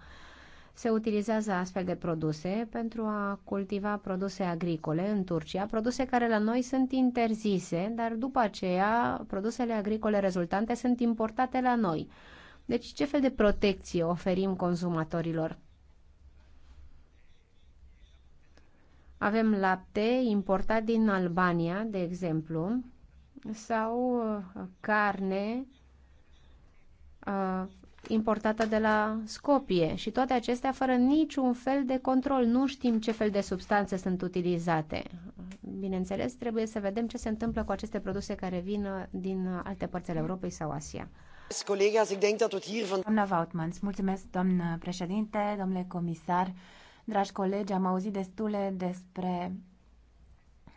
Se utilizează astfel de produse pentru a cultiva produse agricole în Turcia, produse care la noi sunt interzise, dar după aceea produsele agricole rezultante sunt importate la noi. Deci ce fel de protecție oferim consumatorilor? Avem lapte importat din Albania, de exemplu, sau uh, carne uh, importată de la Scopie și toate acestea fără niciun fel de control. Nu știm ce fel de substanțe sunt utilizate. Bineînțeles, trebuie să vedem ce se întâmplă cu aceste produse care vin uh, din alte părți ale Europei sau Asia. Doamna Vautmans, mulțumesc, doamnă președinte, domnule comisar. Dragi colegi, am auzit destule despre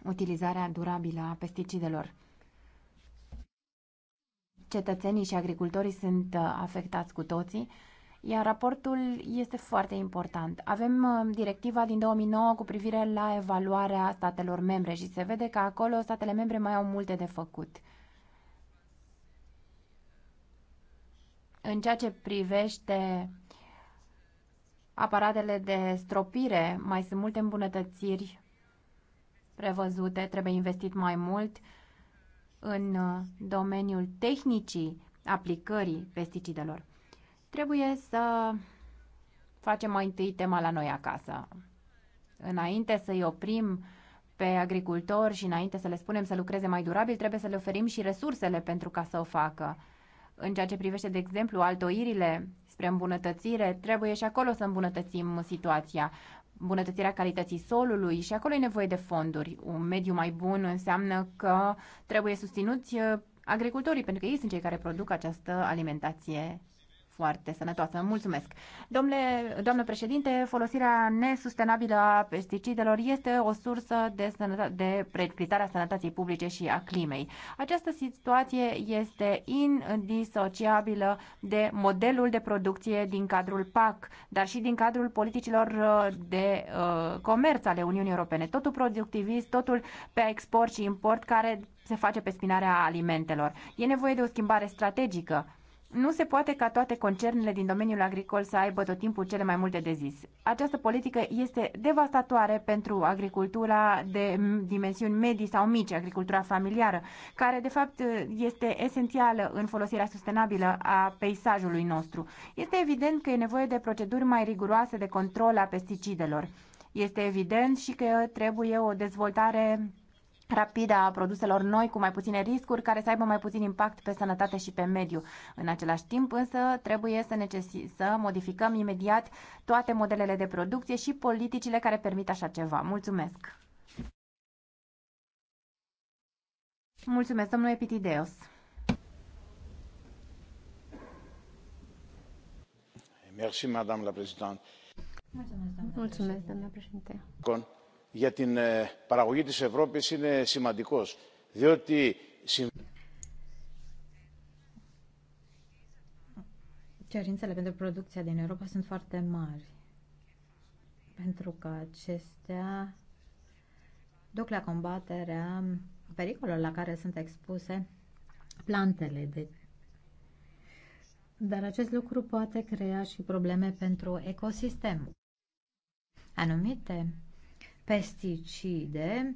utilizarea durabilă a pesticidelor. Cetățenii și agricultorii sunt uh, afectați cu toții, iar raportul este foarte important. Avem uh, directiva din 2009 cu privire la evaluarea statelor membre și se vede că acolo statele membre mai au multe de făcut. În ceea ce privește aparatele de stropire, mai sunt multe îmbunătățiri prevăzute, trebuie investit mai mult în uh, domeniul tehnicii aplicării pesticidelor. Trebuie să facem mai întâi tema la noi acasă. Înainte să-i oprim pe agricultori și înainte să le spunem să lucreze mai durabil, trebuie să le oferim și resursele pentru ca să o facă. În ceea ce privește, de exemplu, altoirile spre îmbunătățire, trebuie și acolo să îmbunătățim situația bunătățirea calității solului și acolo e nevoie de fonduri. Un mediu mai bun înseamnă că trebuie susținuți uh, agricultorii, pentru că ei sunt cei care produc această alimentație foarte sănătoasă. Mulțumesc. Domnule, domnule președinte, folosirea nesustenabilă a pesticidelor este o sursă de, sănătate, de periclitarea sănătății publice și a climei. Această situație este indisociabilă de modelul de producție din cadrul PAC, dar și din cadrul politicilor uh, de uh, comerț ale Uniunii Europene. Totul productivist, totul pe export și import care se face pe spinarea alimentelor. E nevoie de o schimbare strategică nu se poate ca toate concernele din domeniul agricol să aibă tot timpul cele mai multe de zis. Această politică este devastatoare pentru agricultura de dimensiuni medii sau mici, agricultura familiară, care de fapt este esențială în folosirea sustenabilă a peisajului nostru. Este evident că e nevoie de proceduri mai riguroase de control a pesticidelor. Este evident și că trebuie o dezvoltare rapidă a produselor noi cu mai puține riscuri, care să aibă mai puțin impact pe sănătate și pe mediu. În același timp, însă, trebuie să, necesi- să modificăm imediat toate modelele de producție și politicile care permit așa ceva. Mulțumesc! Mulțumesc, domnule Epitideos! Mersi, madame la présidente. Mulțumesc, doamna președinte για την παραγωγή της Ευρώπης είναι σημαντικός, διότι... Cerințele pentru producția din Europa sunt foarte mari, pentru că acestea duc la combaterea pericolelor la care sunt expuse plantele. De... Dar acest lucru poate crea și probleme pentru ecosistem. Anumite pesticide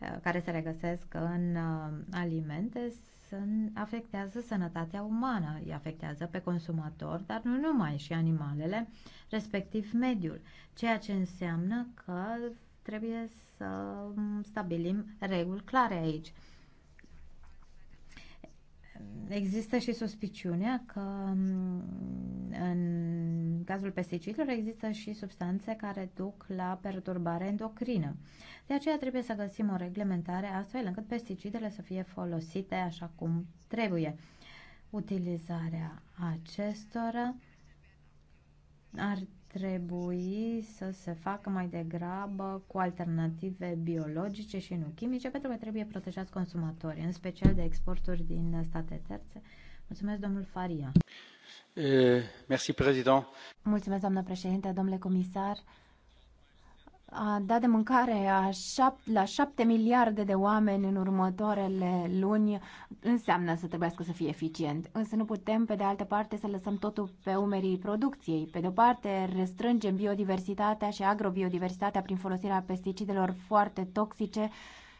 uh, care se regăsesc în uh, alimente afectează sănătatea umană, îi afectează pe consumator, dar nu numai, și animalele, respectiv mediul, ceea ce înseamnă că trebuie să um, stabilim reguli clare aici. Există și suspiciunea că mm, în cazul pesticidelor există și substanțe care duc la perturbare endocrină. De aceea trebuie să găsim o reglementare astfel încât pesticidele să fie folosite așa cum trebuie. Utilizarea acestora ar trebui să se facă mai degrabă cu alternative biologice și nu chimice, pentru că trebuie protejați consumatorii, în special de exporturi din state terțe. Mulțumesc, domnul Faria. Eh, merci, Mulțumesc, doamnă președinte, domnule comisar a da de mâncare a șap- la șapte miliarde de oameni în următoarele luni înseamnă să trebuiască să fie eficient. Însă nu putem, pe de altă parte, să lăsăm totul pe umerii producției. Pe de-o parte, restrângem biodiversitatea și agrobiodiversitatea prin folosirea pesticidelor foarte toxice,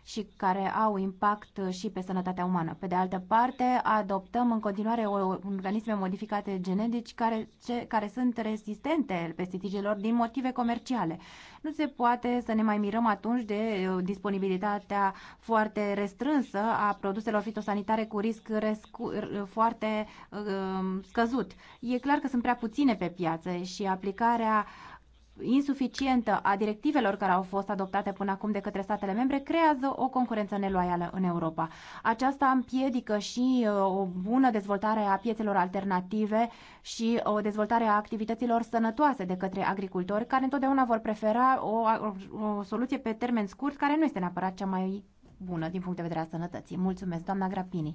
și care au impact și pe sănătatea umană. Pe de altă parte, adoptăm în continuare organisme modificate genetici care, ce, care sunt rezistente pesticidelor din motive comerciale. Nu se poate să ne mai mirăm atunci de uh, disponibilitatea foarte restrânsă a produselor fitosanitare cu risc rescu, foarte uh, scăzut. E clar că sunt prea puține pe piață și aplicarea uh, insuficientă a directivelor care au fost adoptate până acum de către statele membre creează o concurență neloială în Europa. Aceasta împiedică și uh, o bună dezvoltare a piețelor alternative și uh, o dezvoltare a activităților sănătoase de către agricultori, care întotdeauna vor prefera o, o, o soluție pe termen scurt, care nu este neapărat cea mai bună din punct de vedere al sănătății. Mulțumesc, doamna Grapini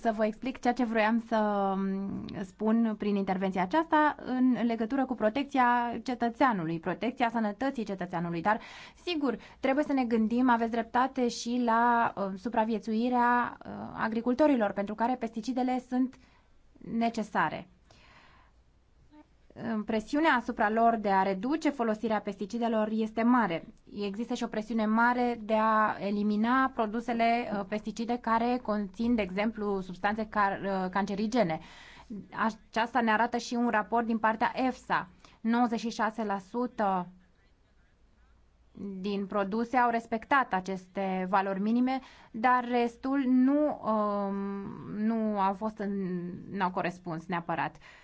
să vă explic ceea ce vroiam să mm, spun prin intervenția aceasta în legătură cu protecția cetățeanului, protecția sănătății cetățeanului. Dar, sigur, trebuie să ne gândim, aveți dreptate, și la uh, supraviețuirea uh, agricultorilor, pentru care pesticidele sunt necesare presiunea asupra lor de a reduce folosirea pesticidelor este mare. Există și o presiune mare de a elimina produsele uh, pesticide care conțin, de exemplu, substanțe uh, cancerigene. Aceasta ne arată și un raport din partea EFSA. 96% din produse au respectat aceste valori minime, dar restul nu, um, nu au fost în, n-au corespuns neapărat. Uh,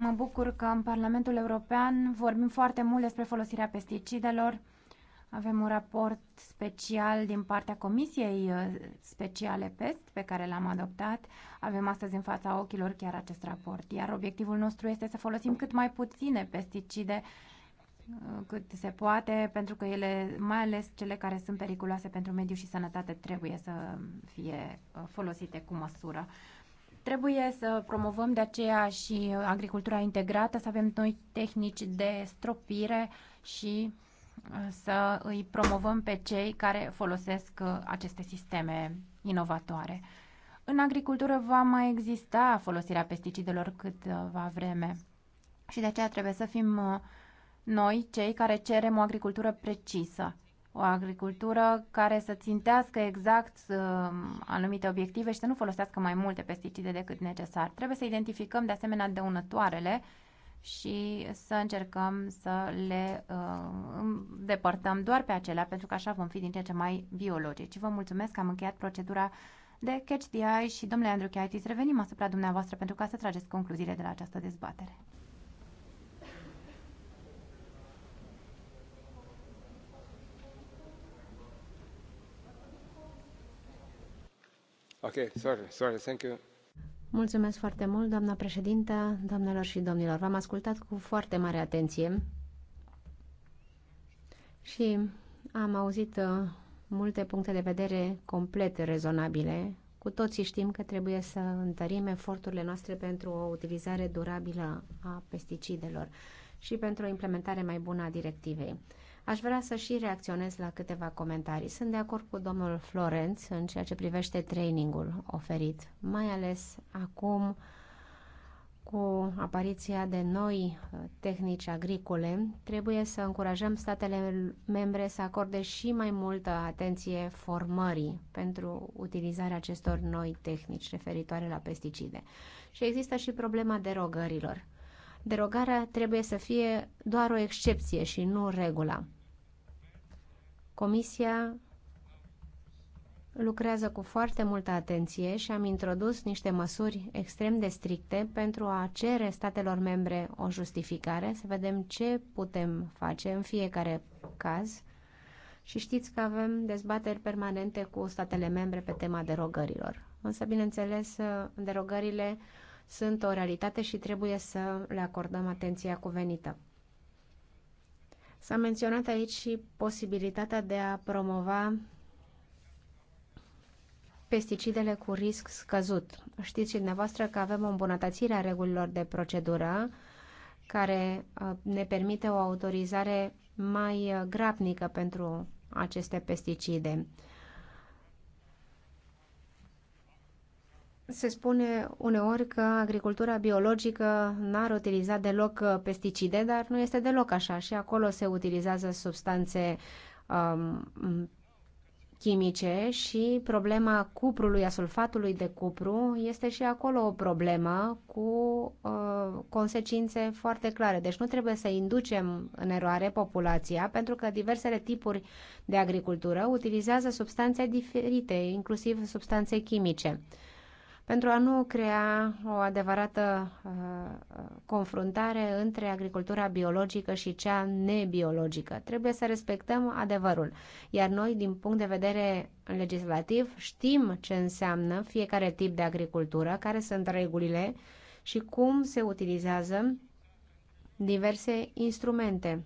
Mă bucur că în Parlamentul European vorbim foarte mult despre folosirea pesticidelor. Avem un raport special din partea Comisiei uh, Speciale PEST pe care l-am adoptat. Avem astăzi în fața ochilor chiar acest raport, iar obiectivul nostru este să folosim cât mai puține pesticide uh, cât se poate, pentru că ele, mai ales cele care sunt periculoase pentru mediu și sănătate, trebuie să fie uh, folosite cu măsură. Trebuie să promovăm de aceea și agricultura integrată, să avem noi tehnici de stropire și uh, să îi promovăm pe cei care folosesc uh, aceste sisteme inovatoare. În agricultură va mai exista folosirea pesticidelor va vreme și de aceea trebuie să fim uh, noi cei care cerem o agricultură precisă o agricultură care să țintească exact uh, anumite obiective și să nu folosească mai multe pesticide decât necesar. Trebuie să identificăm de asemenea dăunătoarele și să încercăm să le uh, depărtăm doar pe acelea, pentru că așa vom fi din ce ce mai biologici. Vă mulțumesc că am încheiat procedura de Catch the Eye și, domnule Andrew Chiaitis, revenim asupra dumneavoastră pentru ca să trageți concluziile de la această dezbatere. Okay, sorry, sorry, thank you. Mulțumesc foarte mult, doamna președintă, doamnelor și domnilor. V-am ascultat cu foarte mare atenție și am auzit uh, multe puncte de vedere complet rezonabile. Cu toții știm că trebuie să întărim eforturile noastre pentru o utilizare durabilă a pesticidelor și pentru o implementare mai bună a directivei. Aș vrea să și reacționez la câteva comentarii. Sunt de acord cu domnul Florenț în ceea ce privește trainingul oferit, mai ales acum cu apariția de noi uh, tehnici agricole, trebuie să încurajăm statele membre să acorde și mai multă atenție formării pentru utilizarea acestor noi tehnici referitoare la pesticide. Și există și problema derogărilor. Derogarea trebuie să fie doar o excepție și nu regula. Comisia lucrează cu foarte multă atenție și am introdus niște măsuri extrem de stricte pentru a cere statelor membre o justificare, să vedem ce putem face în fiecare caz. Și știți că avem dezbateri permanente cu statele membre pe tema derogărilor. Însă, bineînțeles, derogările sunt o realitate și trebuie să le acordăm atenția cuvenită. S-a menționat aici și posibilitatea de a promova pesticidele cu risc scăzut. Știți și dumneavoastră că avem o îmbunătățire a regulilor de procedură care uh, ne permite o autorizare mai uh, grabnică pentru aceste pesticide. se spune uneori că agricultura biologică n-ar utiliza deloc uh, pesticide, dar nu este deloc așa și acolo se utilizează substanțe um, chimice și problema cuprului, a sulfatului de cupru, este și acolo o problemă cu uh, consecințe foarte clare. Deci nu trebuie să inducem în eroare populația, pentru că diversele tipuri de agricultură utilizează substanțe diferite, inclusiv substanțe chimice pentru a nu crea o adevărată uh, confruntare între agricultura biologică și cea nebiologică. Trebuie să respectăm adevărul. Iar noi, din punct de vedere legislativ, știm ce înseamnă fiecare tip de agricultură, care sunt regulile și cum se utilizează diverse instrumente.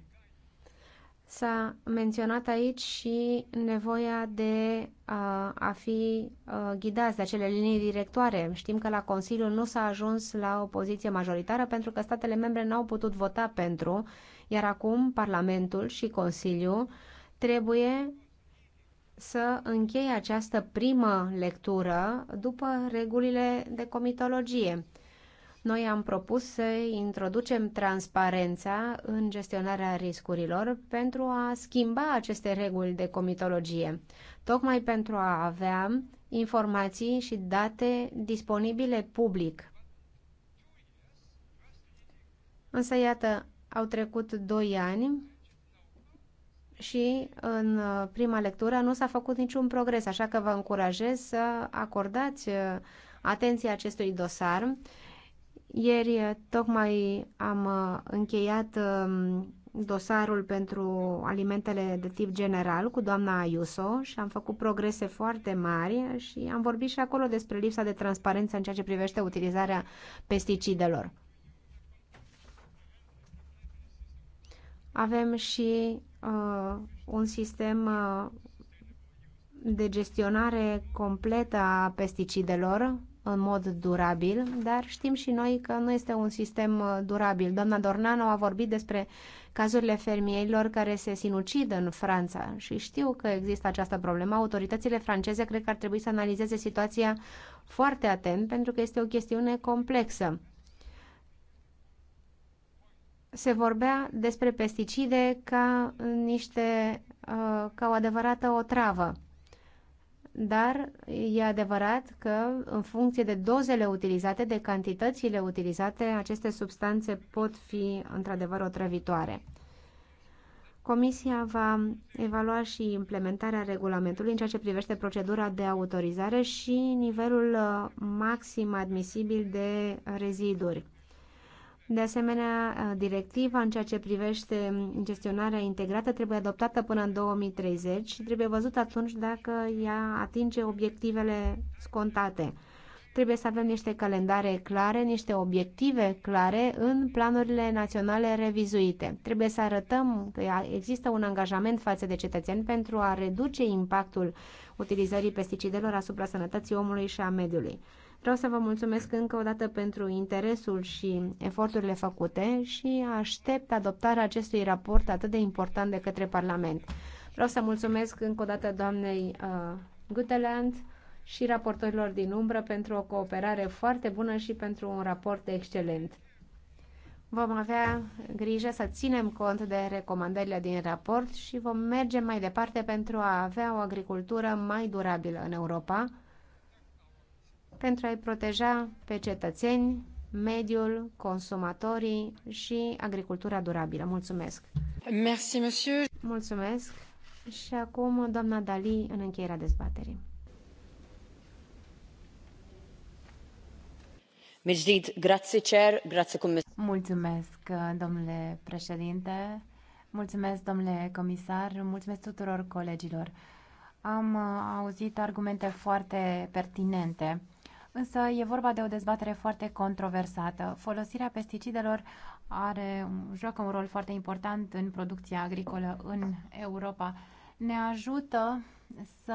S-a menționat aici și nevoia de a, a fi a, ghidați de acele linii directoare. Știm că la Consiliu nu s-a ajuns la o poziție majoritară pentru că statele membre n-au putut vota pentru, iar acum Parlamentul și Consiliu trebuie să încheie această primă lectură după regulile de comitologie. Noi am propus să introducem transparența în gestionarea riscurilor pentru a schimba aceste reguli de comitologie, tocmai pentru a avea informații și date disponibile public. Însă, iată, au trecut doi ani și în uh, prima lectură nu s-a făcut niciun progres, așa că vă încurajez să acordați uh, atenție acestui dosar ieri eh, tocmai am eh, încheiat ehm, dosarul pentru alimentele de tip general cu doamna Ayuso și am făcut progrese foarte mari și am vorbit și acolo despre lipsa de transparență în ceea ce privește utilizarea pesticidelor. Avem și uh, un sistem uh, de gestionare completă a pesticidelor în mod durabil, dar știm și noi că nu este un sistem uh, durabil. Doamna Dornano a vorbit despre cazurile fermierilor care se sinucid în Franța și știu că există această problemă. Autoritățile franceze cred că ar trebui să analizeze situația foarte atent pentru că este o chestiune complexă se vorbea despre pesticide ca niște uh, ca o adevărată otravă dar e adevărat că în funcție de dozele utilizate, de cantitățile utilizate, aceste substanțe pot fi într-adevăr otrăvitoare. Comisia va evalua și implementarea regulamentului în ceea ce privește procedura de autorizare și nivelul uh, maxim admisibil de reziduri. De asemenea, uh, directiva în ceea ce privește um, gestionarea integrată trebuie adoptată până în 2030 și trebuie văzut atunci dacă ea atinge obiectivele scontate. Trebuie să avem niște calendare clare, niște obiective clare în planurile naționale revizuite. Trebuie să arătăm că există un angajament față de cetățeni pentru a reduce impactul utilizării pesticidelor asupra sănătății omului și a mediului. Vreau să vă mulțumesc încă o dată pentru interesul și eforturile făcute și aștept adoptarea acestui raport atât de important de către Parlament. Vreau să mulțumesc încă o dată doamnei uh, Guteland și raportorilor din umbră pentru o cooperare foarte bună și pentru un raport excelent. Vom avea grijă să ținem cont de recomandările din raport și vom merge mai departe pentru a avea o agricultură mai durabilă în Europa pentru a-i proteja pe cetățeni, mediul, consumatorii și agricultura durabilă. Mulțumesc! Merci, monsieur. Mulțumesc! Și acum, doamna Dali, în încheierea dezbaterii. Mulțumesc, domnule președinte, mulțumesc, domnule comisar, mulțumesc tuturor colegilor. Am uh, auzit argumente foarte pertinente Însă e vorba de o dezbatere foarte controversată. Folosirea pesticidelor are, joacă un rol foarte important în producția agricolă în Europa. Ne ajută să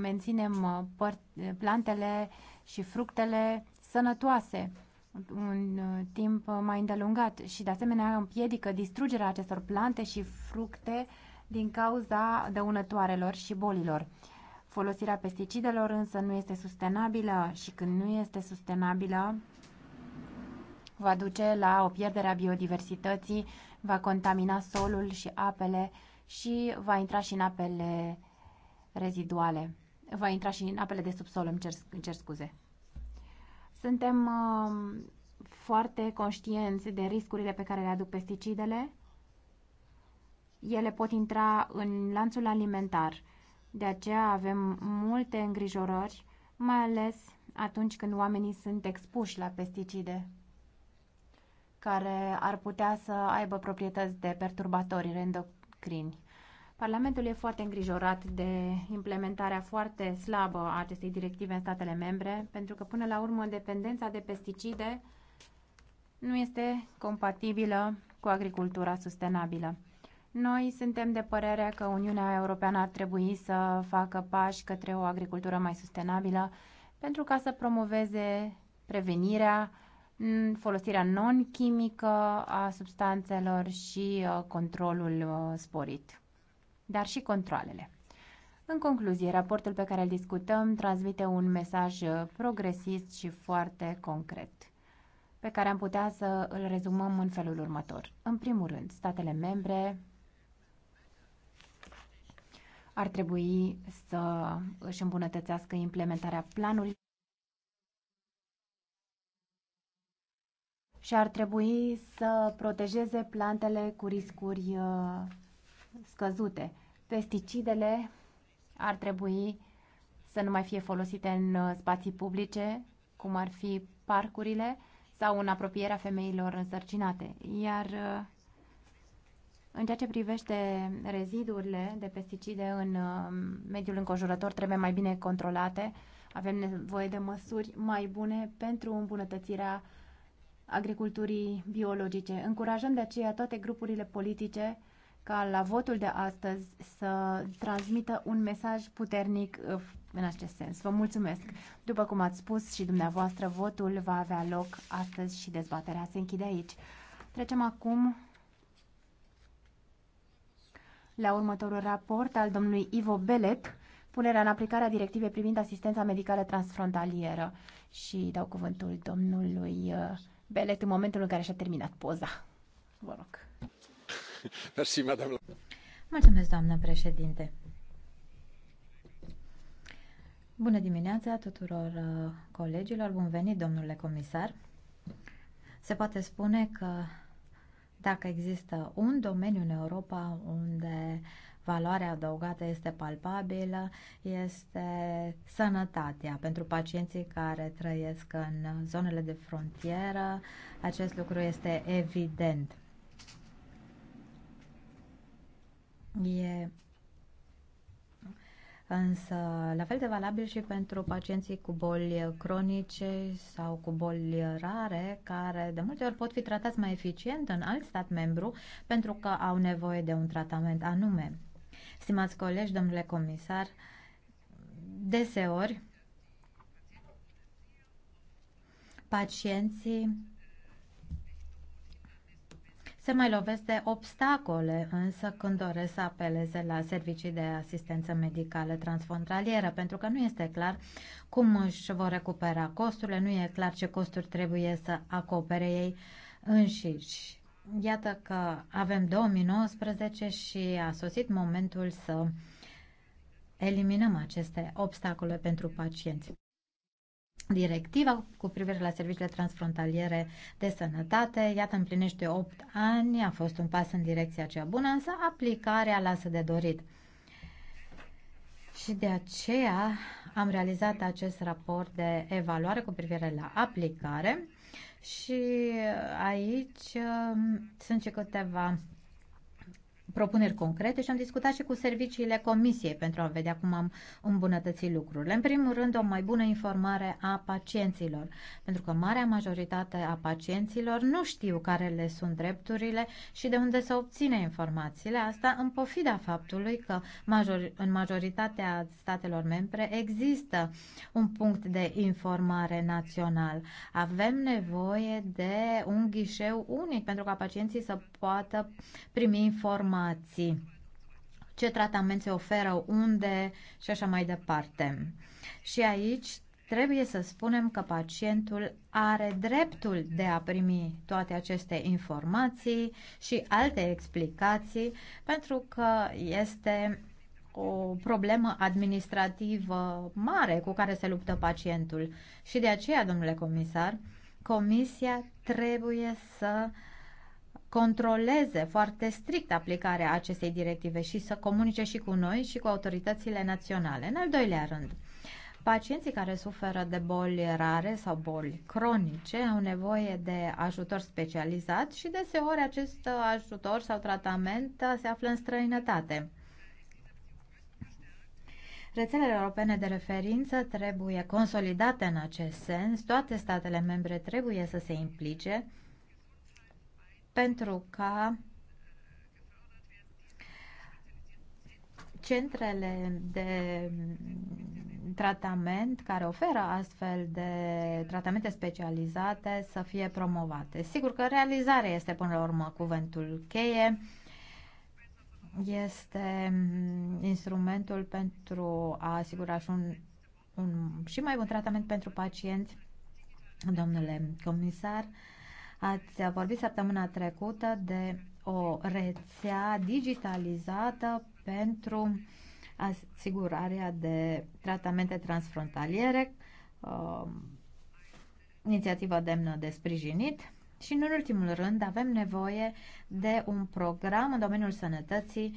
menținem uh, plantele și fructele sănătoase un uh, timp mai îndelungat și de asemenea împiedică distrugerea acestor plante și fructe din cauza dăunătoarelor și bolilor. Folosirea pesticidelor însă nu este sustenabilă și când nu este sustenabilă, va duce la o pierdere a biodiversității, va contamina solul și apele și va intra și în apele reziduale. Va intra și în apele de subsol, îmi cer, îmi cer scuze. Suntem uh, foarte conștienți de riscurile pe care le aduc pesticidele. Ele pot intra în lanțul alimentar de aceea avem multe îngrijorări, mai ales atunci când oamenii sunt expuși la pesticide care ar putea să aibă proprietăți de perturbatori endocrini. Parlamentul e foarte îngrijorat de implementarea foarte slabă a acestei directive în statele membre, pentru că până la urmă dependența de pesticide nu este compatibilă cu agricultura sustenabilă. Noi suntem de părere că Uniunea Europeană ar trebui să facă pași către o agricultură mai sustenabilă pentru ca să promoveze prevenirea, mm, folosirea non-chimică a substanțelor și uh, controlul uh, sporit, dar și controlele. În concluzie, raportul pe care îl discutăm transmite un mesaj uh, progresist și foarte concret, pe care am putea să îl rezumăm în felul următor. În primul rând, statele membre ar trebui să își îmbunătățească implementarea planului și ar trebui să protejeze plantele cu riscuri uh, scăzute. Pesticidele ar trebui să nu mai fie folosite în uh, spații publice, cum ar fi parcurile sau în apropierea femeilor însărcinate. Iar uh, în ceea ce privește rezidurile de pesticide în uh, mediul înconjurător, trebuie mai bine controlate. Avem nevoie de măsuri mai bune pentru îmbunătățirea agriculturii biologice. Încurajăm de aceea toate grupurile politice ca la votul de astăzi să transmită un mesaj puternic uh, în acest sens. Vă mulțumesc! După cum ați spus și dumneavoastră, votul va avea loc astăzi și dezbaterea se închide aici. Trecem acum la următorul raport al domnului Ivo Belet, punerea în aplicare a directivei privind asistența medicală transfrontalieră. Și dau cuvântul domnului uh, Belet în momentul în care și-a terminat poza. Vă rog. [laughs] Merci, madame. Mulțumesc, doamnă președinte. Bună dimineața tuturor uh, colegilor, bun venit, domnule comisar. Se poate spune că dacă există un domeniu în Europa unde valoarea adăugată este palpabilă, este sănătatea. Pentru pacienții care trăiesc în zonele de frontieră, acest lucru este evident. E însă la fel de valabil și pentru pacienții cu boli cronice sau cu boli rare, care de multe ori pot fi tratați mai eficient în alt stat membru pentru că au nevoie de un tratament anume. Stimați colegi, domnule comisar, deseori pacienții se mai lovesc de obstacole, însă când doresc să apeleze la servicii de asistență medicală transfrontalieră, pentru că nu este clar cum își vor recupera costurile, nu e clar ce costuri trebuie să acopere ei înșiși. Iată că avem 2019 și a sosit momentul să eliminăm aceste obstacole pentru pacienți. Directiva cu privire la serviciile transfrontaliere de sănătate, iată, împlinește 8 ani, a fost un pas în direcția cea bună, însă aplicarea lasă de dorit. Și de aceea am realizat acest raport de evaluare cu privire la aplicare și aici um, sunt și câteva propuneri concrete și am discutat și cu serviciile Comisiei pentru a vedea cum am îmbunătățit lucrurile. În primul rând, o mai bună informare a pacienților, pentru că marea majoritate a pacienților nu știu care le sunt drepturile și de unde să obține informațiile. Asta în pofida faptului că major, în majoritatea statelor membre există un punct de informare național. Avem nevoie de un ghișeu unic pentru ca pacienții să poată primi informații informații, ce tratament se oferă, unde și așa mai departe. Și aici trebuie să spunem că pacientul are dreptul de a primi toate aceste informații și alte explicații pentru că este o problemă administrativă mare cu care se luptă pacientul. Și de aceea, domnule comisar, comisia trebuie să uh, controleze foarte strict aplicarea acestei directive și să comunice și cu noi și cu autoritățile naționale. În al doilea rând, pacienții care suferă de boli rare sau boli cronice au nevoie de ajutor specializat și deseori acest ajutor sau tratament se află în străinătate. Rețelele europene de referință trebuie consolidate în acest sens, toate statele membre trebuie să se implice pentru ca centrele de tratament care oferă astfel de tratamente specializate să fie promovate. Sigur că realizarea este până la urmă cuvântul cheie. Este instrumentul pentru a asigura și un, un și mai bun tratament pentru pacienți. Domnule comisar, Ați vorbit săptămâna trecută de o rețea digitalizată pentru asigurarea de tratamente transfrontaliere, um, inițiativă demnă de sprijinit. Și, în ultimul rând, avem nevoie de un program în domeniul sănătății